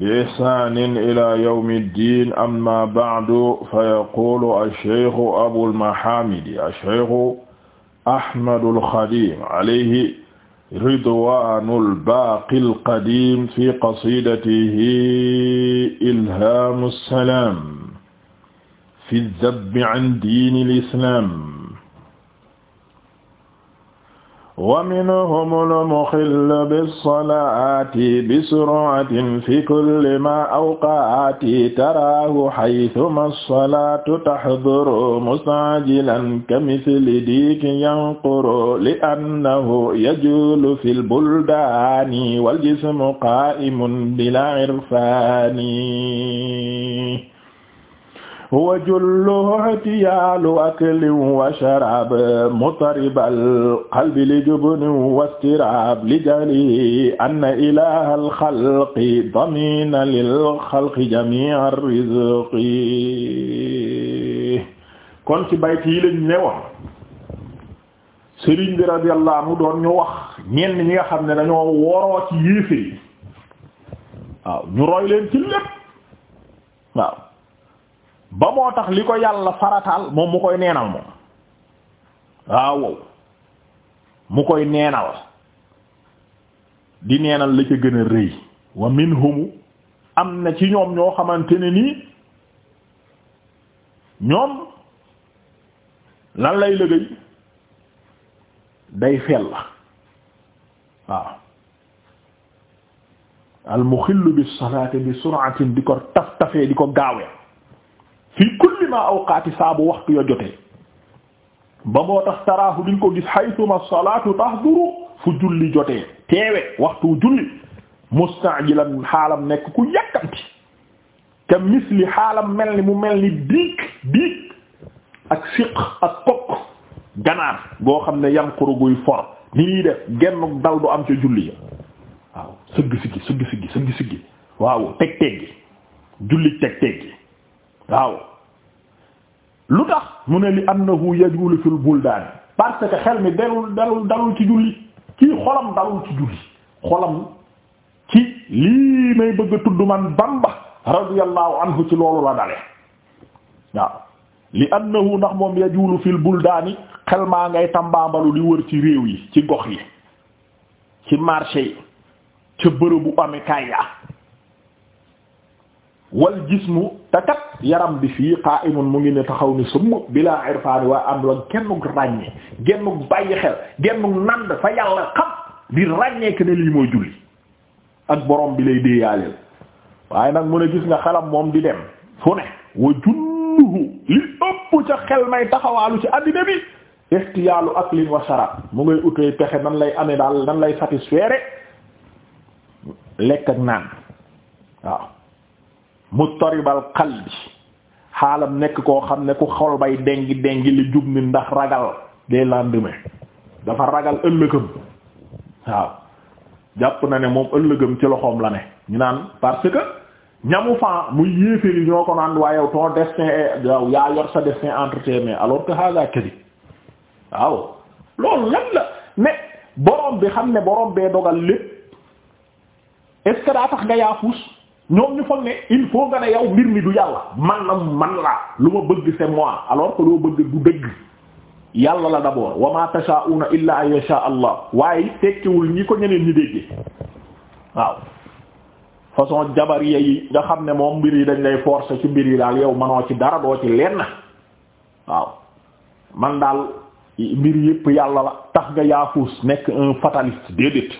بإحسان إلى يوم الدين أما بعد فيقول الشيخ أبو المحامد الشيخ أحمد الخديم عليه رضوان الباقي القديم في قصيدته إلهام السلام في الذب عن دين الإسلام wa minhum al-mukhillu bis-salaati bi-sur'atin fi kulli maa awqa'ati taraahu haythuma as-salaatu tahduru musta'jilan kamithli diikin yanquru li'annahu yajuulu fil-buldaani wal-jismu qaa'imun bilaa irfaani wa julluhu ihtiyaalu aklin wa sharaab mutaribal qalbi li jubni wastiraab li jahli anna ilaahal xalqi damiina lil xalqi jamii'a rizqi kon ci bayt yi lañ newoon sëriñ bi radiyallahu anhu doon ñu wax ñenn ñi nga xam ne dañoo woroo ci yéefee waaw ñu roy leen ci lépp waaw ba moo tax li ko yàlla farataal moom mu koy neenal moom waaw mu koy neenal di neenal la ca gën a rëy wa minhum am na ci ñoom ñoo xamante ne nii ñoom lan lay liggéey day fel la waaw al muxillu bis salaati bi sur'atin di ko taf tafee di ko gaawee fii kulli ma awqaati saabu waxtu yo jotee ba moo tax taraahu diñ ko gis haytuma salaatu tahduru fu julli jotee teewe waxtu julli mustaajilan xaalam nekk ku yàkkamti te misli xaalam mel ni mu mel ni diig diig ak siq ak kokk ganaar goo xam ne yanquru guy for ni lii def genn dal du am ca julli ya waaw sëgg siggi sëgg siggi sëgg siggi waaw teg teggi julli teg teggi waaw lu tax mu ne li annahu yajulu fil buldaan parce que xel mi dalul dalul dalul ci julli kii xolam dalul ci julli xolam ci lii may bëgg tudd man Bamba radiyallahu anhu ci loolu la dale waaw li annahu ndax moom yajulu fil buldaani xel maa ngay tambaambalu di wër ci réew yi ci gox yi ci marché yi ca bërëbu amee kaay wal gis mu kat yaram bi fii qa'imun mu ngi ne taxaw ni summ bilaa irfaani waa am la gennug ràññee gennug bàyyi xel gennug nand fa yàlla xam di ràññee que ne lii mooy julli ak borom bi lay déeyaaleel waaye nag mu ne gis nga xelam moom di dem fu ne wa julluhu li ëpp ca xel may taxawaalu ci àddina bi ihtiyaalu aklin wa sharab mu ngay utee pexe nan lay amee daal nan lay satisfaire lekk ak naan waaw mustaribal qalbi xaalam nekk koo xam ne ku xol bay dengi dengi li jub ni ndax ragal des lendemains dafa ragal ëllëgëm waaw jàpp na ne moom ëllëgëm ci loxoom la ne ñu naan parce que ñamu fa muy yéeféri ñoo ko naan waaye ton destin yow yaa yor sa destin entre tes mains alors que hada kadi waaw loolu lan la mais borom bi xam ne borom bee dogal lépp est daa tax nga yaa ñoom ñu foog il faut nga ne yow mbir mi du yàlla man na man la lu ma bëgg c'est moi alors que loo bëgg du dëgg yàlla la d'abord wa ma tashaauna illa an yasha allah waaye tekkiwul ñi ko ñeneen ñi déggee waaw façon jabar yi nga xam ne moom mbir yi dañ lay forcer ci mbir yi daal yow manoo ci dara doo ci lenn waaw man daal mbir yépp yàlla la tax nga yaafuus nekk un fataliste déedéet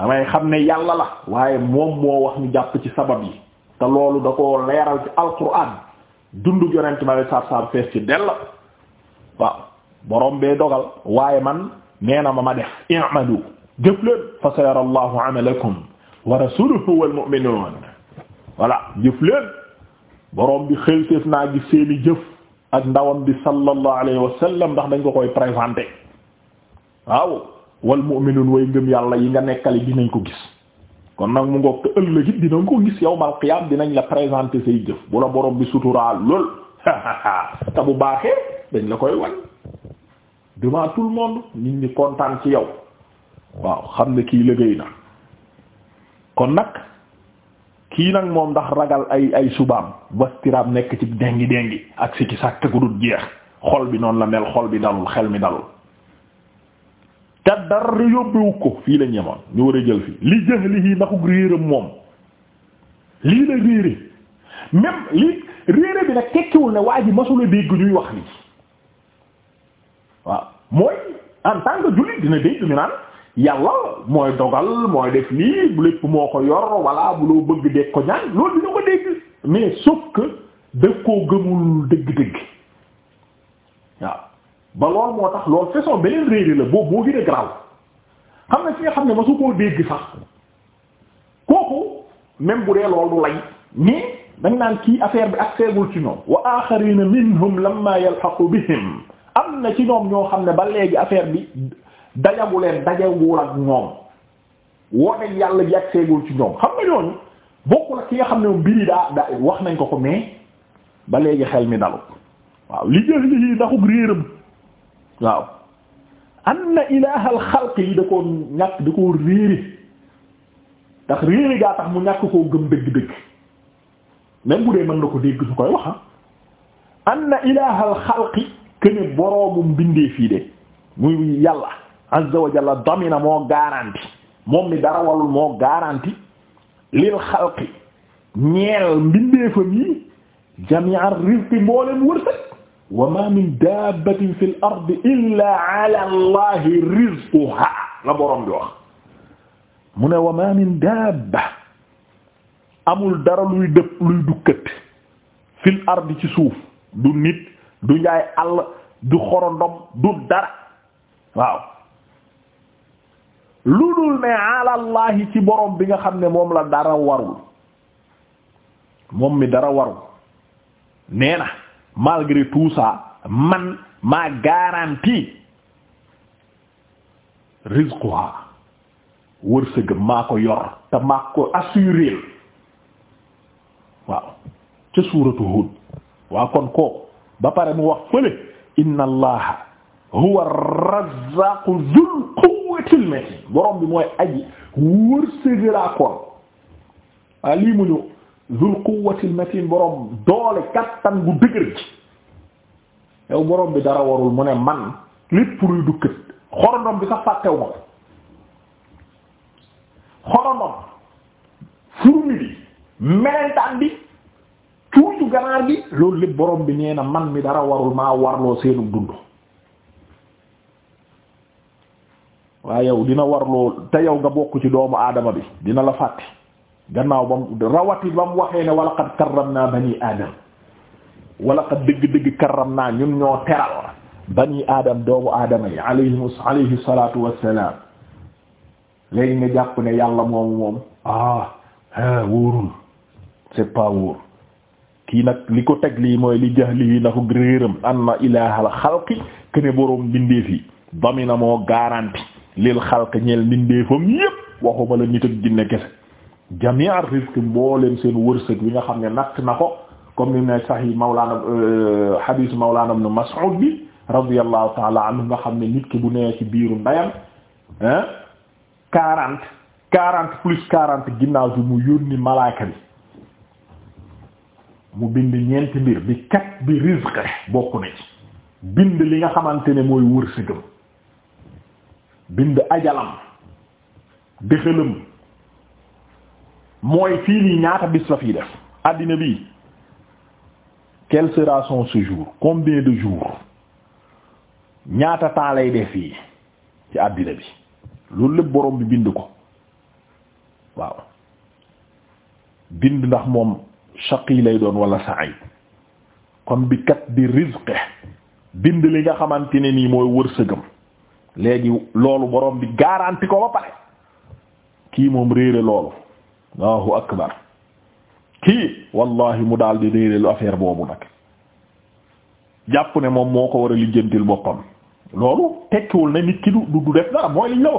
damay xam ne yàlla la waaye moom moo wax ñu jàpp ci sabab yi te loolu da ko leeral ci alquran dundu yonent ma saab saab fees ci dell waaw borom bee dogal waaye man nee na ma ma def i'malu jëf leen fa sayara allahu amalakum wa rasuluhu wal mu'minun jëf leen borom bi xëlséef naa gis seeni jëf ak ndawam bi sallallahu alayhi wa sallam ndax dañ ko koy présenté waaw wal mu'minun way ngëm yàlla yi nga nekkali dinañ ko gis kon nag mu ngoog te ëllëgit dinañ ko gis yawmal qiyaam dinañ la présenter say jëf bu la borom bi suturaal lool te bu baaxee dañ la koy wan devant tout le monde nit ñi kontaan ci yow waaw xam ne kii liggéey na kon nag kii nag moom ndax ragal ay ay subaam bastiraam nekk ci dengi dengi ak si ki sàkk gu dul jeex xol bi noonu la mel xol bi dalul xel mi dalul te dara ko fii lañ yemoon ñu war a jël fii li jahlihi ndaxug réeram moom lii la réere même li réere bi nag tekkiwul ne waa ji masula dégg ñuy wax lii waaw mooy en tant jullit dina dégg ñu naan yàlla mooy dogal mooy def lii lépp moo ko yor walla bu loo bëgg dégg ko ñaan loolu dina ko dégg mais sauf que daf koo gëmul dëgg-dëgg waaw ba lool moo tax lool façon beneen réeré la boobu moo gën a garaaw xam nga fi nga xam ne masu koo dégg sax kooku même bu dee lool du lay mais dañ naan kii affaire bi ak seegul ci ñoom wa axarina minhum lamma na ci ñoom ñoo xam ne ba léegi affaire bi dajagu leen dajagul ak ñoom yàlla ji ak seegul ci ñoom xam nga ñooñu bokkul ak ki nga xam ne mbir yi daa daa wax nañ ko ko mais ba léegi xel mi dalu waaw li jël li ndaxuk réeram waaw anna ilaahal xalqi li da koo ñàkk da koo réeri ndax réeri gaa tax mu ñàkk koo gëm dëgg-dëgg même bu dee mën na ko dégg su koy waxa ah. anna ilaahal xalqi këne boroomum bindee fii de mu yàlla azza wa jalla damina moo garanti moom mi dara walul moo garanti lil xalqi ñeel mbindeefam yi jami'ar rizqi mboolem wërsëg wa ma min dabbatin fil ardi illa ala allahi rizquha la borom bi wax mu ne wa ma min dabba amul dara luy dëpp luy dukkat fil ardi ci suuf du nit du njaay àll du xorondom du dara waaw lu dul ne ala ci borom bi nga xam ne moom la dara warul moom mi dara warul nee na malgré tout ça man maa garantie rizquha wërsëgam maa yor te maa ko waaw ca suuratu Hud waa kon ko ba mu wax fële inna huwa ar-razzaqu dhul quwwatil borom bi mooy aji wërsëgalaa koon waa zul quwwatil matin borom doole kattan gu dëgër ci yow borom bi dara warul mu ne man lépp luy dukkat xorondom bi sax fàttew ma xorondom fourmi bi melentaan bi cuuju ganaar bi loolu lépp borom bi nee na man mi dara warul maa warloo seenu dund waaye yow dina warloo te yow nga bokk ci doomu aadama bi dina la fàtte gannaaw ba mu rawati ba mu waxee ne wala qad karramna bani aadam wala qad dëgg-dëgg karramna ñun ñoo teral bani aadam doomu aadama yi alayhi alayhi salaatu wassalaam léegi nga jàpp ne yàlla moomu moom ah ah wóorul c'est pas wóor kii nag li ko teg lii mooy li jahlihi na ko réeram anna ilaahal xalqi kene boroom mbindeef yi damina moo garanti lil xalq ñeel mbindeefam yépp waxuma la nit ak jinne kese jami'ar rizq mbooleem seen wërsëg bi nga xam ne natt na ko comme ni ne sahih mawlaana euh, hadith mawlaana ibn Mas'ud bi radiyallahu ta'ala anhu nga xam ne nit ki bu nee ci biiru ndayam quarante quarante plus quarante ginnaaw bi mu yónni malaaka bi mu bind ñeenti mbir bi kat bi rizq bokk na ci bind li nga xamante ne mooy wërsëgam bind ajalam dëxëlam mooy fii nii ñaata bis la fii def àddina bi quel sera son séjour combien de jours ñaata temps lay def fii ci àddina bi loolu lépp borom bi bind ko waaw bind ndax moom yi lay doon wala sa'id kon bi kat di rizqe bind li nga xamante ne nii mooy wër wërsëgam léegi loolu borom bi garanti ko ba pare kii moom réere loolu Allahu akbar kii wallahi mu daal di réeréelu affaire boobu nag jàpp ne moom moo ko war a lijjantil boppam loolu tekkiwul ne nit ki du du def dara mooy liñ la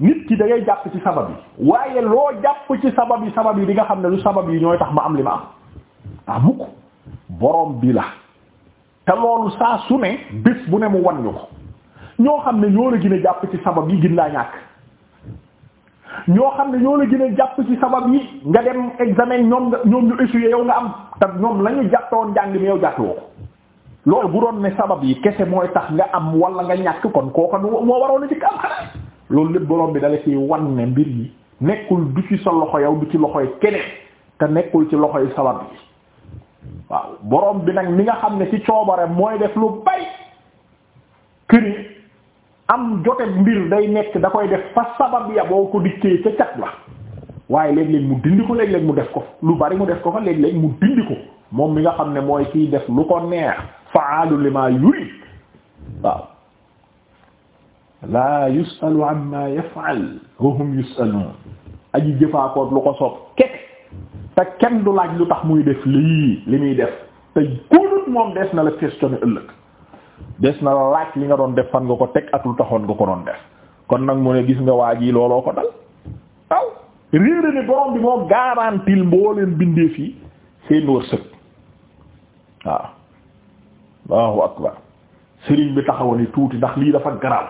nit ki da ngay jàpp ci sabab yi waaye loo jàpp ci sabab yi sabab yi di nga xam ne lu sabab yi ñooy tax ma am li ma am ah mukk bi la te loolu saa su ne bés bu ne mu wan ñu ko ñoo xam ne ñoo la gën a jàpp ci sabab yi gën laa ñàkk ñoo xam ne ñoo la gën jàpp ci sabab yi nga dem examen ñoom nga ñoom ñu échoué yow nga am te ñoom la ñu jàppoon njàng mi yow jàppoo ko loolu bu doon ne sabab yi kese mooy tax nga am walla nga ñàkk kon kooka moo waroon a jëkk am xanaa loolu lépp borom bi dala ci wan ne mbir yi nekkul du ci sa loxo yow du ci loxoy keneen te nekkul ci loxoy sabab yi waaw borom bi nag mi nga xam ne ci coobare mooy def lu bari këri am jote mbir day nekk da koy def fa sabab ya boo ko dikkee ca cat la waaye léeg-léeg mu dindi ko léeg-léeg mu def ko lu bari mu def ko fa léeg mu dindi ko moom mi nga xam ne mooy kiy def lu ko neex fa'alu lima yurid waaw laa yusalu amma yaf'al wa hum yusalun aji jëfaakoot lu ko soob kekk te kenn du laaj lu tax muy def lii li muy def te góorut moom des na la questionner ëllëg des na la laaj li nga doon def fan nga ko teg atul lu taxoon nga ko doon def kon nag mu ne gis nga waa ji looloo ko dal waaw réere ne borom bi moo garantil mboo leen bindee fii seen wërsëg waaw Allahu akbar sëriñ bi taxaw ni tuuti ndax lii dafa garaaw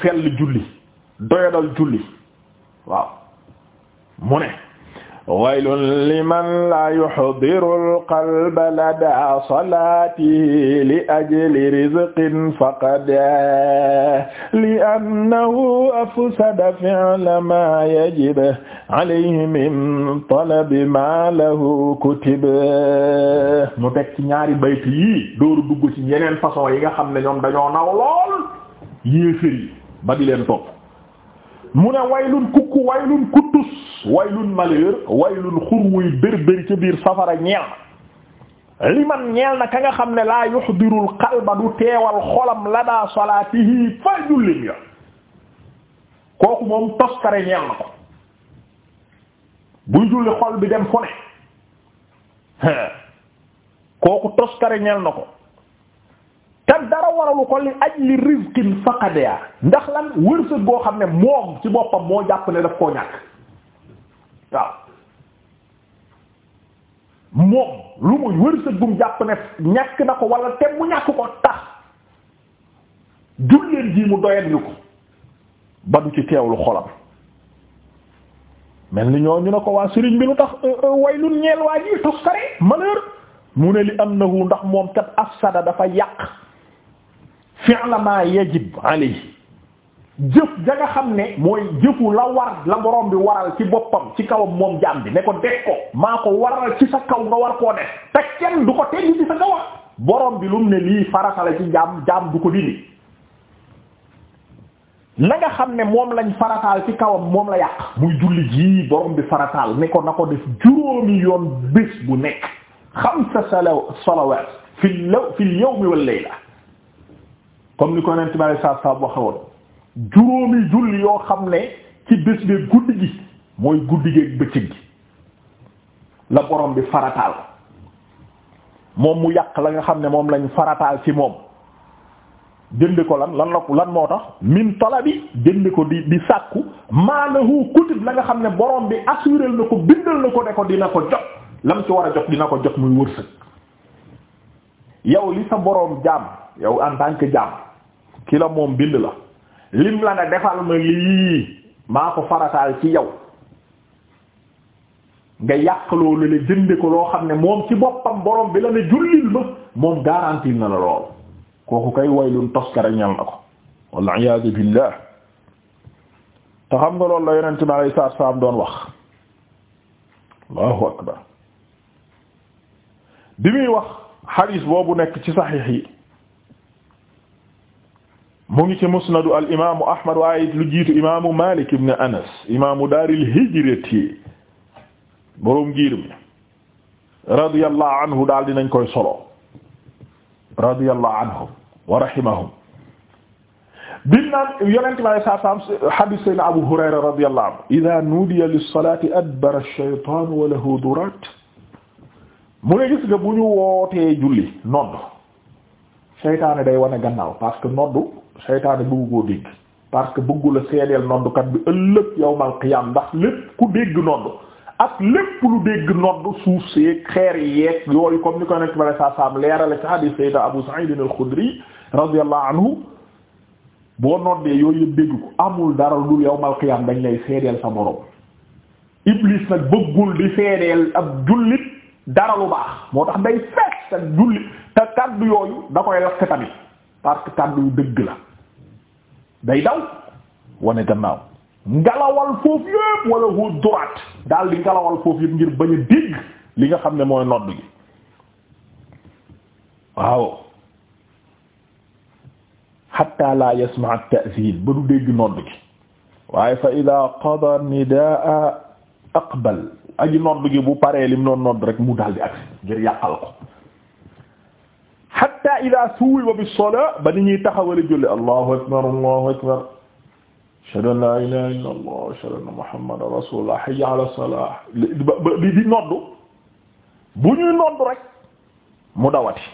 fell julli doyadal julli waaw mu ne waylun liman laa yuhdiru alqalba ladaa salaatihi li ajli rizqin faqada li annahu afsada fi'la maa yajib alayhi min talabi maa lahu kutib mu teg ci ñaari bayt yii dooru dugg ci yeneen façon yi nga xam ne ñoom dañoo naw lool yéefér yi ba di leen topp mu ne waylun kukku waylun kuttus waylun malheur waylun xurwuy bérbéri ca biir safara ñeel na liman ñeel na ka nga xam ne laa yuxdirul xalba du teewal xolam la daa salaatihi fa jullim ya kooku moom toskare ñeel ko buy julli xol bi dem fone kooku toskare ñeel na ko te dara waralu ko li ajli rizqin faqada ndax lan wërsëg boo xam ne moom ci boppam moo jàpp ne daf koo ñàkk waaw moom lu muy wërsëg bu jàpp ne ñàkk na ko wala te mu ñàkk ko tax julleen gi mu doyat yu ko ba du ci teewlu xolam mel ni ñoo ñu ne ko waa sëriñ bi lu tax euh, euh, waylun ñeel waa ji tos kare malheur mu ne li am na hu ndax moom kat afsada dafa yàq fi'la ma yajib alayhi jëf ja nga xam ne mooy jëfu la war la borom bi waral ci boppam ci kawam moom jaam bi ne ko def ko maa ko waral ci sa kaw nga war koo def te kenn du ko teggi ci sa kaw borom bi lum ne lii farata la ci jaam jaam du ko dindi na nga xam ne moom lañ farataal ci kawam moom la yàq muy julli jii borom bi farataal ne ko na ko def juróomi yoon bés bu nekk xamsa salawaat fil yawmi wal layla comme ni ko nent bi alei saatu juróomi julli yoo xam ne ci bés bi guddi gi mooy guddi gi bëccëg gi la boroom bi farataal moom mu yàq la nga xam ne moom lañ farataal ci moom jënd ko lan lan la lan moo tax min talabi jënd ko di di sàkku maalahu kutib la nga xam ne boroom bi assuré na ko bindal na ko ne ko dina ko jot lam ci war a jot dina ko jot muy wërsëg yow li sa boroom jaam yow en tant que jaam moom bind la lim la ne defal ma lii maa ko farataal ci yow nga yàq loolu la jënde ko loo xam ne moom ci boppam boroom bi la ne jullil ma moom garantie na la lool kooku kay waylun toskare ñal na ko walla iyaadu billah te xam nga loolu la yonent bi alayhi salaatu salaam doon wax allahu akbar bi muy wax xadiis boobu nekk ci saxiix yi mu ngi ci musnadu al imaamu Ahmad waaye lu jiitu imaamu Malik ibn Anas imaamu daaril hijrati boroom giir mi radiyallahu anhu daal dinañ koy solo radiyallahu anhum wa rahimahum bim naan yonent bi alayhi salaam hadiis sayyidina Abu Hurayra radiyallahu anhu idaa nuudiya lis-salaati adbara ash-shaytaanu wa lahu duraat mu ne gis nga bu ñu wootee julli nodd seytaane day wane gannaaw parce que noddu seytaane bëggu koo dégg parce que bëggu la seedeel noddukat bi ëllëg yawmal qiyaam ndax lépp ku dégg noddu ak lépp lu dégg noddu suuf seeg xeer yeeg yooyu comme ni ko nekk bale saa saam leerale ci hadith sayyida Abu Sa'id al-Khudri radiyallahu anhu boo noddee yooyu dégg ko amul dara lu dul yawmal qiyaam dañ lay seedeel sa borom iblis nag bëggul di seedeel ab jullit dara lu baax moo tax day fees ak jullit te kaddu yooyu da koy lakk tamit parce que kaddu yu dëgg la day daw wane gannaaw ngalawal foofu yépp wala hu duraat daal ngalawal foofu yépp ngir bañ dégg li nga xam ne mooy nodd gi waaw hatta la yasmaa at-ta'zin ba du dégg nodd gi waaye fa ida qada nidaa aqbal aji nodd gi bu paree lim noon nodd rek mu daal di agsi ngir yàqal ko hatta ida suwiba bisola ba ni ñuy taxawale julli allahu akbar allahu akbar ashhadu an la ilaha illa allah ashhadu anna muhammadan rasulullah hayya ala salah li di noddu bu ñuy noddu rek mu dawati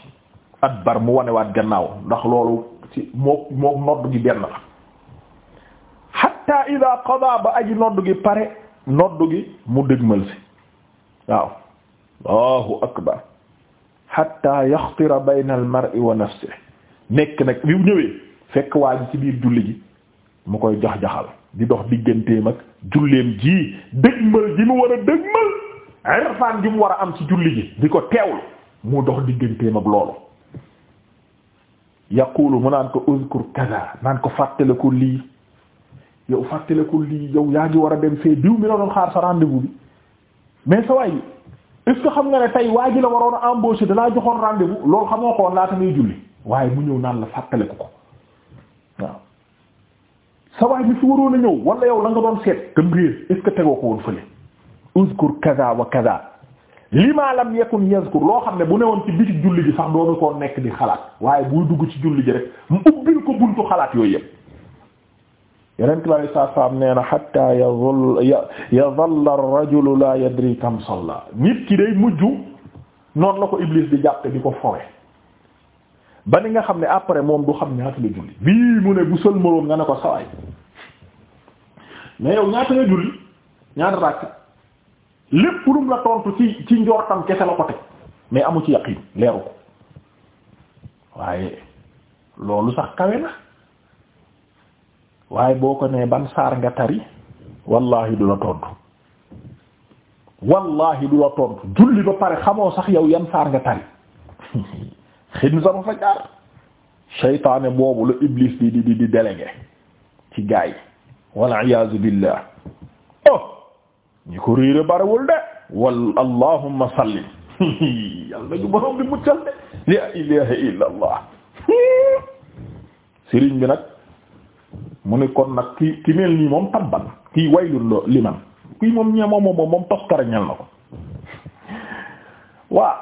at bar mu wanewaat gannaaw ndax loolu ci mook mook noddu gi benn la hatta ida qada ba aji noddu gi pare noddu gi mu dëgmal si waaw allahu akbar hatta yaxtira bayna al mar'i wa nafsihi nekk nag bi ñëwee fekk waa ci biir julli ji mu koy jox jaxal di dox digganteem ak julleem ji dëgmal ji mu war a dëgmal irfaan ji mu war a am ci julli ji di ko teewlu mu dox digganteem ak loolu yaqulu mu naan ko uzkur kaza naan ko fàttaliku lii yow fàttaliku lii yow yaa ngi war a dem fee diw mi la doon xaar sa rendez-vous bi mais sa waay est-ce xam nga ne tey waa ji la waroon a embaucher dalaa joxoon rendez bu loolu xamoo ko woon laata ngay julli waaye mu ñëw naan la fàttaliku ko waaw sa waay bi fi waroon a ñëw wala yow la nga doon seet tam réer est-ce tegoo ko woon fële uzkur kaza wa kaza lima lam yakun yazkur loo xam ne bu newoon ci biti julli ji sax doonu koo nekk di xalaat waaye buy dugg ci julli ji rek mu ubbil ko buntu xalaat yooyu yëpp yeneen tubaab yi saa saam nee na hatta yazul yazalla ar-rajulu la yadri kam salla nit ki day mujj noonu la ko Iblis di jàpp di ko fowe ba ni nga xam ne après moom du xam ñaata la julli bii mu ne bu sëlmaloon nga ne ko sawaay mais yow ñaata nga julli ñaata ràkk lépp lu mu la tontu ci ci njortam kese la ko teg mais amu ci yaqiin leeru ko waaye loolu sax kawe na. waaye boo ko nee ban saar nga tari wallahi du la tontu wallahi du la tontu julli ba pare xamoo sax yow yan saar nga tari xin sama fa jaar boobu la iblis di di di délégué ci gaay wal iyaazu billah oh ñi ko réere bariwul de wal allahumma salli yàlla ñu borom bi muccal de la ilaha illa allah sëriñ bi nag mu ne kon nag ki ki mel nii moom tabban kii waylul liman kii moom ñee moom moom moom toskara ñel na ko waa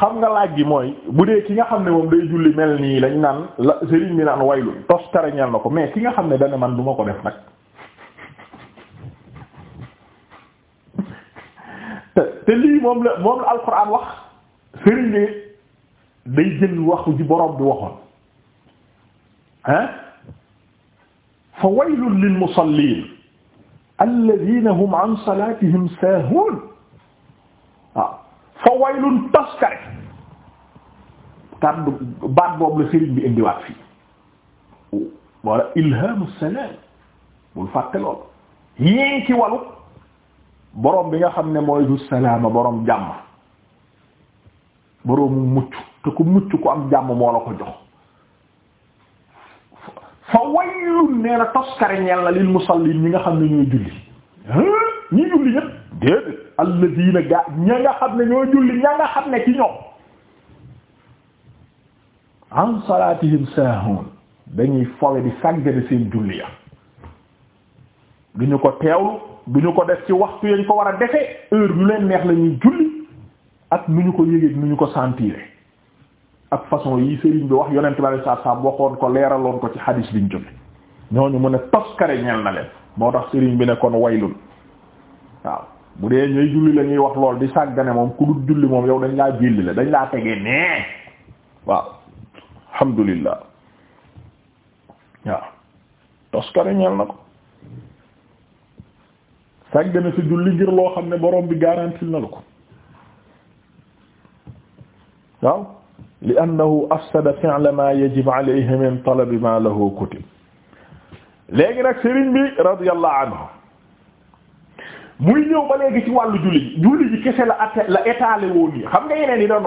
xam nga laaj gi mooy bu dee ki nga xam ne moom day julli mel nii lañ naan la sëriñ bi naan waylul toskara ñel na ko mais ki nga xam ne dana man duma ko def nag te te lii moom la moom la alxuraan wax sëriñ bi day jël waxu ji borom bi waxoon hein fa waylun lil musalliin alladhiina hum an salaatihim saahuun waaw fa waylun taskare kàddu baat boobu la sëriñ bi indiwaat fii wala ilhaamu salaam bul fàtte lool yéen ci wàllu boroom bi nga xam ne mooy du salaama boroom jàmm boroomu mucc te ku mucc ku am jàmm moo la ko jox fa waylun nee na toskare ñeel na lil musallin ñi nga xam ne ñooy julli ñi julli ñépp déedéet alladina gaa ña nga xam ne ñoo julli ña nga xam ne ki ñoom an salatihim sahun dañuy fowe di sàggane seen julli ya duñu ko teewlu duñu ko def ci waxtu yañ ko war a defee heure ñu leen neex la julli ak nu ñu ko yégeeg nu ñu ko sentir ak façon yi sëriñ bi wax yonent bi saa saa waxoon ko leeraloon ko ci xadiis ñu jóge ñooñu mu ne toskare ñel na leen moo tax sëriñ bi ne kon waylul waaw bu dee ñooy julli la wax lool di sàggane moom ku dul julli moom yow dañ laa julli la dañ laa tegee nee waaw alhamdulillah waaw toskare ñel na ko sàggane si julli ngir loo xam ne borom bi garantil na la ko waaw li annahu afsada fi'la ma yajib alayhi ma la ma lahu kutib léegi nag sëriñ bi radiyallahu anhu muy ñëw ba léegi ci wàllu julli ji julli ji kese la atte la étalé woon yi xam nga yeneen yi doon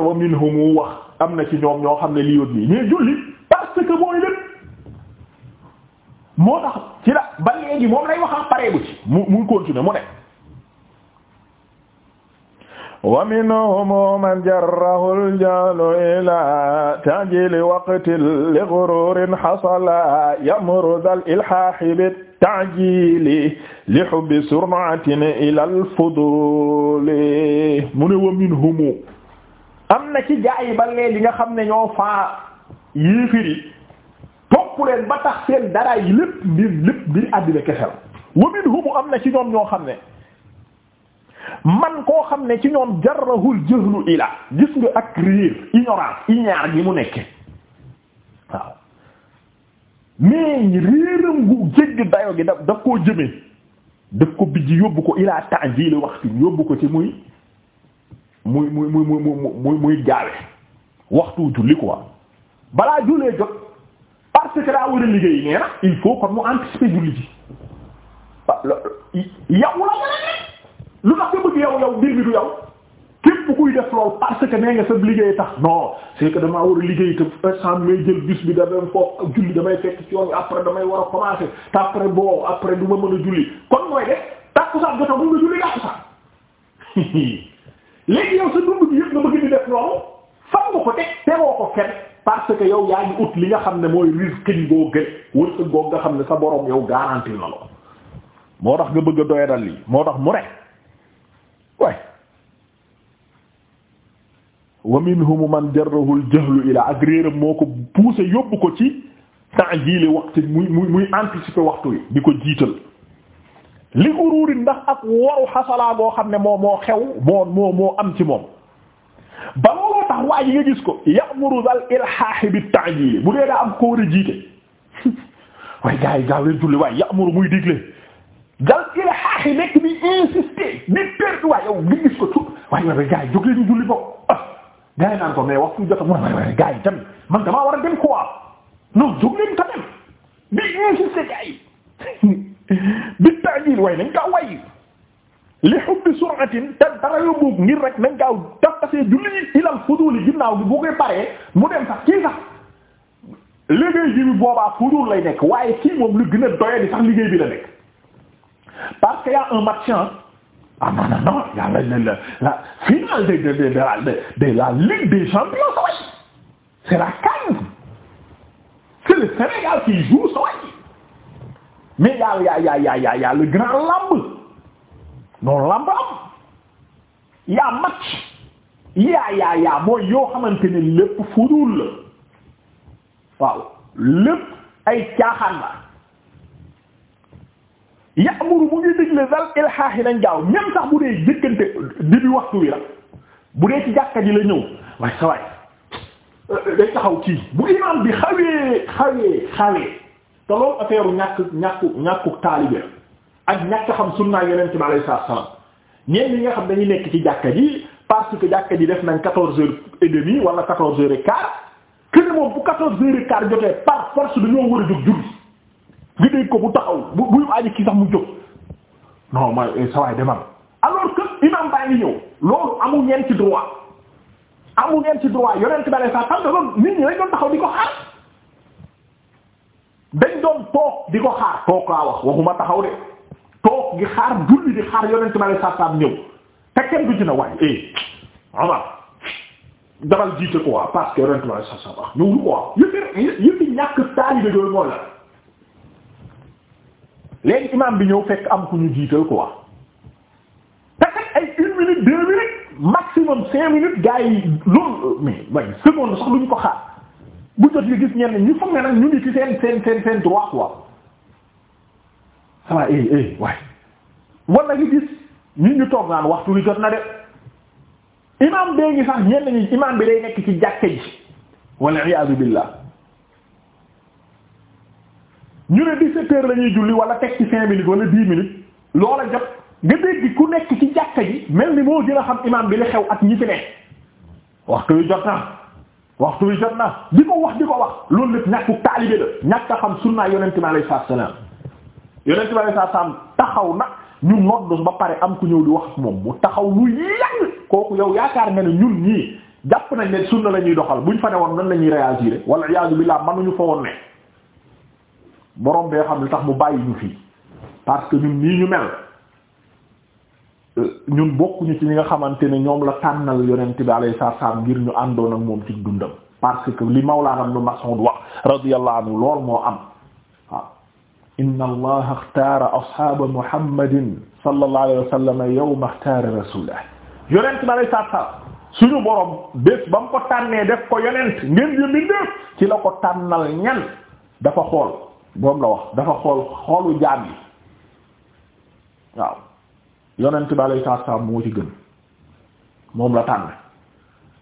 mu wax am na ci ñoom ñoo xam ne li yoon mi mais julli parce que mooy lépp moo tax ci la ba léegi moom lay wax a paree bu ci muy continuer mu ne wa minhum man jarrahu al-jahlu ilaa ta'jiili waqtin li ghuruurin hasala ya'muru dhal-ilhaahi bit-ta'jiili li hubbi sur'atin ilal fuduuli mu ne wa minhum am na ci jaayi ba léegi nga xam ne ñoo faa yii firi topp leen ba tax seen dara yi lépp mbir lépp mbir àddina kese la wa minhum am na ci ñoom ñoo xam ne. man koo xam ne ci ñoom jarrahul jahlu ila gis nga ak réer ignorance ignaar gi mu nekke waaw mais réeram gu jégg dayo gi da daf koo jëmee daf ko bijji yóbbu ko ilaa ta'jil waxtu yóbbu ko ci muy muy muy muy muy muy muy gaawe waxtu julli quoi balaa jullee jot parce que daa war a liggéey nee na il faut kon mu anticiper julli ji yow la mën a lu tax nga bëgg yow yow mbir mi du yow képp kuy def lool parce que nee nga sa liggéey tax non c'est que damaa war a liggéey te instant may jël bus bi da foofu julli damay fekk ci yoon après après du ma mën a julli kon mooy def tàkkusaan jot a mun nga julli tàkkusaan léegi yow sa dund bi yëpp nga bëgg di def loolu fan nga ko teg tegoo ko kenn parce que yow yaa ut li nga xam ne mooy risque yi boo gën wërsëg boo nga xam ne sa borom yow garantie na nga bëgg a doyadal lii waay wa minhum man jarrahu al-jahlu ila ak réeram moo ko poussé yóbbu ko ci ta'jil waxtu muy muy muy waxtu wi di ko jiital li ururi ndax ak waru xasalaa boo xam ne moo moo xew moo moo moo am ci moom ba looloo tax waa yi nga gis ko ya'muru al ilhaahi bit bu dee daa am ko war a jiite waaye gars yi gaaw leen julli muy digle gal ilhaahi nekk bi insister di perte waaye ko tu waaye waaye gars yi jóg julli bokk ah naan ko mais waxtu jot a mun a waaye waaye gars yi tamit man damaa war a dem quoi non jóg leen quand même di insister gars bi ta'jil waaye nañ kaa way li hubbi sur'atin te dara yóbbu ngi rek nañ gaaw tafasee julli ilal fuduli ginnaaw bi bu koy paree mu dem sax kii sax liggéey bi boobaa fudul lay nekk waaye kii moom lu gën a doyadi sax liggéey bi la nekk. parce que y a un match hein ah non non non la la la de de de de la Ligue des champions saway c'est la le Sénégal qui joue saway mais y a y a y le grand lamb non lamb am y match y a y a y a mooy yoo xamante ay caaxaan la. ya'muru mu ngi digle dal ilhaahi nañ gaaw même sax bu dee jëkkante début waxtu wi la bu dee ci jàkka ji la ñëw waaye sa waay euh, day taxaw kii bu imam bi xawee xawee xawee te loolu affaire ñàkk ñàkku ñàkku taalibe ak ñàkk xam sunnaa yonent bi alayhi salaatu salaam ñeen ñi nga xam dañuy nekk ci jàkka ji parce que jàkka ji def nañ quatorze heures et demie wala quatorze heures et quart que moom bu quatorze heures et quart jotee par force dañoo war a jóg julli nga dégg ko bu taxaw bu bu aji ki sax mu jóg non ma eh, yo lool demal alors que imam baa ngi ngeen ci droit amul ngeen ci droit yonent bale sax xam nga loolu nit taxaw di ko xaar dañ doon toog di ko xaar toog laa wax waxuma taxaw de toog gi xaar julli di xaar yonent bale sax sax ñëw te kenn du ci na waay eh Omar dabal jiite quoi ah, parce que yonent bale sax sax wax ñëwul quoi yëpp yëpp ñàkk taalibe mooy la léegi imaam bi ñëw fekk am ku ñu jiital quoi te kat ay une minute deux minutes maximum cinq minutes gars yi loolu mais way seconde sax ko xaar bu jot li gis ñenn ñu ñu ngi ci seen seen seen seen eh, eh, ñu toog naan waxtu wi jot na de imaam bee ngi sax ñenn ñi imaam bi day nekk ci jàkke ji wala iyaazu billah ñu ne 17 heures la ñuy julli wala teg ci 5 minutes wala 10 minutes loola jot nga dégg ku nekk ci jàkka ji mel ni moo gën a xam imam bi li xew ak ñi fi ne waxtu wi jot na waxtu wi jot na di ko wax di ko wax loolu lépp ñàkku taalibe la ñàkk a xam sunnaa yonente bi alayhi salaatu salaam yonente bi alayhi salaatu salaam taxaw na ñu nodd ba pare am ku ñëw di wax moom mu taxaw lu yàgg kooku yow yaakaar nga ne ñun ñii jàpp nañ ne sunna la ñuy doxal buñ fa ne woon nan la ñuy réagir wala iyaazu billaah manuñu fa woon ne borom bee xam ne tax mu bàyyi ñu fii parce que ñun nii ñu mel euh, ñun bokkuñu ci ñi nga xamante ne ñoom la tànnal yonent bi alayhi salaam ngir ñu àndoon ak moom ci dundam parce que li Mawlaana Ibn Mas'ud wax radiyallahu anhu lool moo am waaw inna allaha ixtaara ashaaba muhammadin sallallahu alayhi wa sallam yawma ixtaara rasulahu yonent bi alayhi salaam suñu borom bés ba mu ko tànnee def ko yonent ngeen yëngu ci la ko tànnal ñan dafa xool. moom la wax dafa xool xoolu jaam yi waaw yonent bi alayhi salaam moo ci gën moom la tànn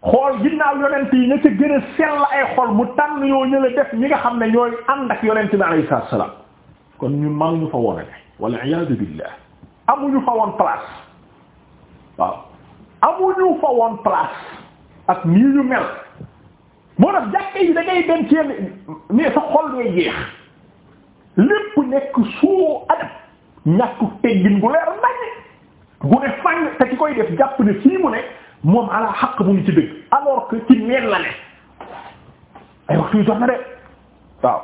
xool ginnaaw yonent yi ña ca gën a sell ay xol mu tànn yoo ñële def ñi nga xam ne ñooy ànd ak yonent bi alayhi salaam kon ñun mënuñu fa woon ne wal iyaadu billah amuñu fa woon place waaw amuñu fa woon place ak nii ñu mel moo tax jàkke yi da ngay dem ci sa xol day jeex lépp nekk soo adab ñàkku teggin gu leer nañ gu ne fang te ki koy def jàpp ne fii mu ne moom ala xaq mu ngi ci dëgg alors que ci neen la ne ay waxtu yu jox na de waaw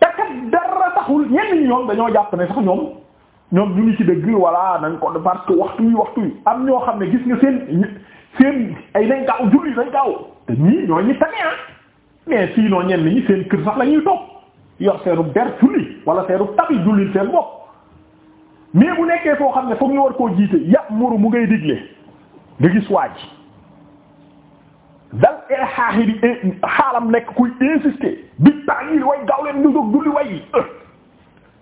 te kat dara taxul ñenn ñi ñoom dañoo jàpp ne sax ñoom ñoom ñu ngi ci dëgg voilà nañ ko parce que waxtu yi waxtu yi am ñoo xam ne gis nga seen seen ay nañ gaaw julli nañ gaaw te ñii ñoo ñi tane ah mais sinon ñenn ñi seen kër sax la ñuy toog yor seenub der julli wala seenub tabi julli seen bo mais bu nekkee koo xam ne foog ñu war koo jiite ya'muru mu ngay digle nga gis waaj dal ee xaaxi di e xaalam nekk kuy insister bi ta'yil way gaaw leen ñu julli way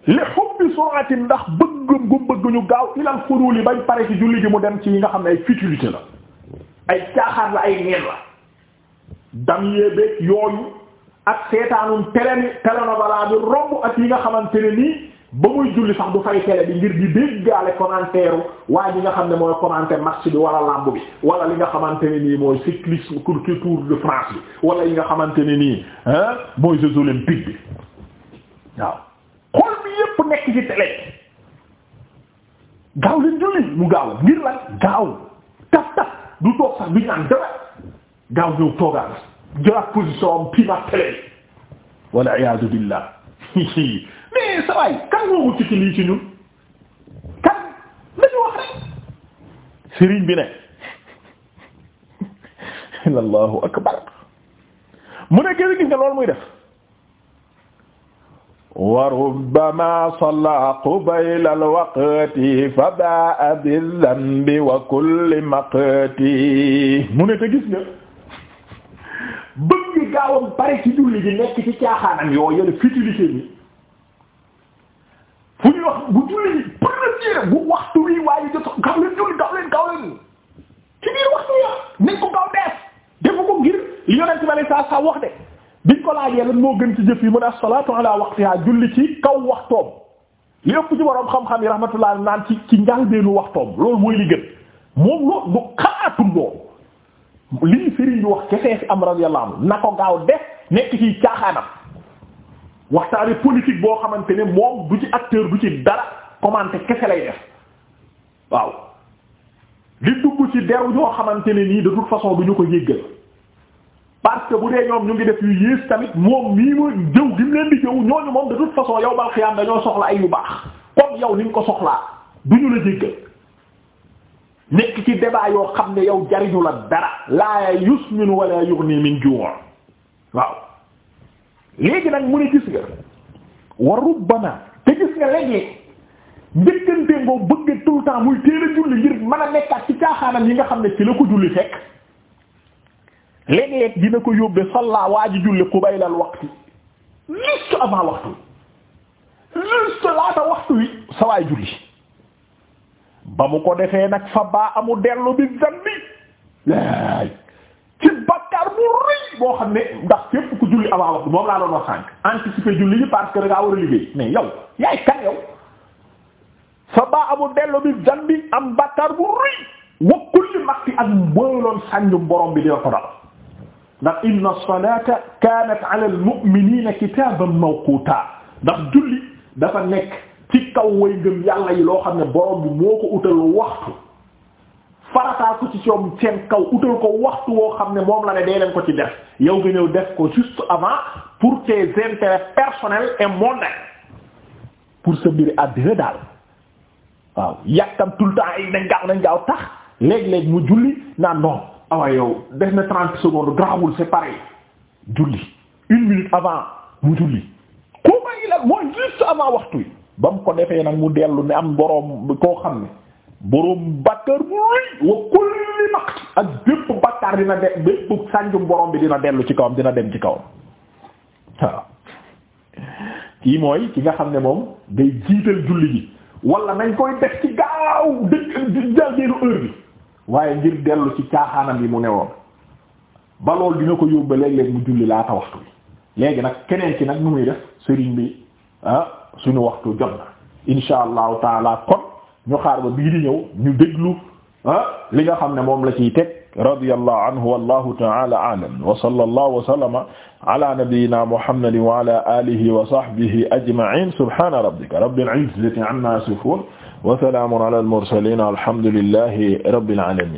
li hubbi sur'ati ndax bëggum gu bëgg ñu gaaw ilal furuli bañ pare ci julli gi mu dem ci yi nga xam ne ay futilité la ay caaxaar la ay neen la dam yéebéeg yooyu ak seetaanum télé mi télénovela bi romb ak yi nga xamante ne nii ba muy julli sax du fay télé bi ngir di déggaale commentaire waa ji nga xam ne mooy commentaire match bi wala lamb bi wala li nga xamante ne nii mooy cyclisme culture Tour de France bi wala yi nga xamante ne nii ah mooy Jeux olympiques bi waaw xool bi yépp nekk ci télé gaaw leen julli mu gaaw ngir lan gaaw taf taf du toog sax du ñaan dara gaaw ñëw toogaat. jëlaat position am wala iyaadu billah mais sa waay kan akbar mu ne gis nga loolu muy def wa rubbama salla qubayla alwaqti fa baa bi dhanbi wa kulli maqti mu ne te gis nga bëgg gaawam bari ci julli gi nekk ci caaxaanam yoo yële futilité bi fu ñuy wax bu julli gi premier bu waxtu wi waaye jot gaaw julli gaaw leen gaaw biir waxtu ya nañ ko gaaw def defu ko ngir li yonent bi alayhi salaam wax de biñ ko laajee yenn moo gën ci jëf yi mu ne as-salaatu ala waqtiha julli ci kaw waxtoom lépp ci borom xam-xam yi rahmatullah naan ci ci njàlbeenu waxtoom loolu mooy li gën moom loolu du xalaatul lii Serigne bi wax kese fi am radiyallahu anhu na ko gaaw def nekk ci caaxaanam waxtaane politique boo xamante ne moom du ci acteur du ci dara commenter kese lay def waaw li dugg ci deru ñoo xamante ne nii de toute façon du ñu ko jéggal parce que bu dee ñoom ñu ngi def yu yées tamit moom mii ma jëw gi mu leen di jëw ñooñu moom de toute façon yow bal xiyaam dañoo soxla ay yu baax comme yow ni nga ko soxlaa du ñu la jéggal nekk ci débat yoo xam ne yow jariñu la dara laa yusminu wala yughni min ju' waaw léegi nag mu ne gis nga wa rubbama te gis nga léegi njëkkante ngoo bëgg tout le temps muy teel a julli ngir mën a nekkaat ci caaxaanam yi nga xam ne ci la ko julli fekk léeg dina ko yóbbee salla waa ji julli qubaylal waqti juste avant waxtu juste laata waxtu wi sa julli ba mu ko defee nag fa baa amu dellu bi zambi laay ci bakkaar bu xam ne ndax fépp ku julli avant waxtu moom laa doon wax sànq anticiper julli yi parce que da ngaa war a liggéey mais yow yaay kan yow fa baa amu dellu bi zambi am bakkaar bu rëy wakkul li mag ci ak bi dina ko dal ndax inna salata kanat ala al mu'minina kitaban ndax julli dafa nekk ci kaw way ngëm yàlla yi loo xam ne borom bi moo ko utal waxtu farataa ko ci soom seen kaw utal ko waxtu woo xam ne moom la ne dee leen ko ci def yow nga ñëw def ko juste avant pour tes intérêts personnels et mondains pour sa mbiri àddina daal waaw yàkkam tout le temps ay nañ gaaw nañ gaaw tax léeg-léeg mu julli naan non awa ah yow def na trente secondes grawul c'est pareil julli une minute avant mu julli ku may la mooy juste avant waxtu yi ba mu ko defee nag mu dellu ne am boroom koo xam ne boroom bàkkaar bu wa kulli maq ak bépp bàkkaar dina de bépp sànjum boroom bi dina dellu ci kawam dina dem ci kawam kii mooy ki nga xam ne moom day jiital julli ji wala nañ koy def ci gaaw dëkk jaldeenu heure bi waaye ngir dellu ci caaxaanam yi mu newoon ba loolu dina ko yóbba léeg-léeg mu julli laata waxtu bi léegi nag keneen ki nag nu muy def sëriñ bi ah, suñu waxtu jot na insha allahu taala kon ñu xaar ba bii di ñëw ñu déglu ah li nga xam ne moom la ciy teg radiyallahu anhu wallahu ta'ala a'lam wa sallallahu wa sallama ala nabiyyina muhammadin wa ala alihi wa sahbihi ajma'in subhana rabbika rabbil izzati amma yasifun wa salamun ala al mursalin alhamdulillahi rabbil alamin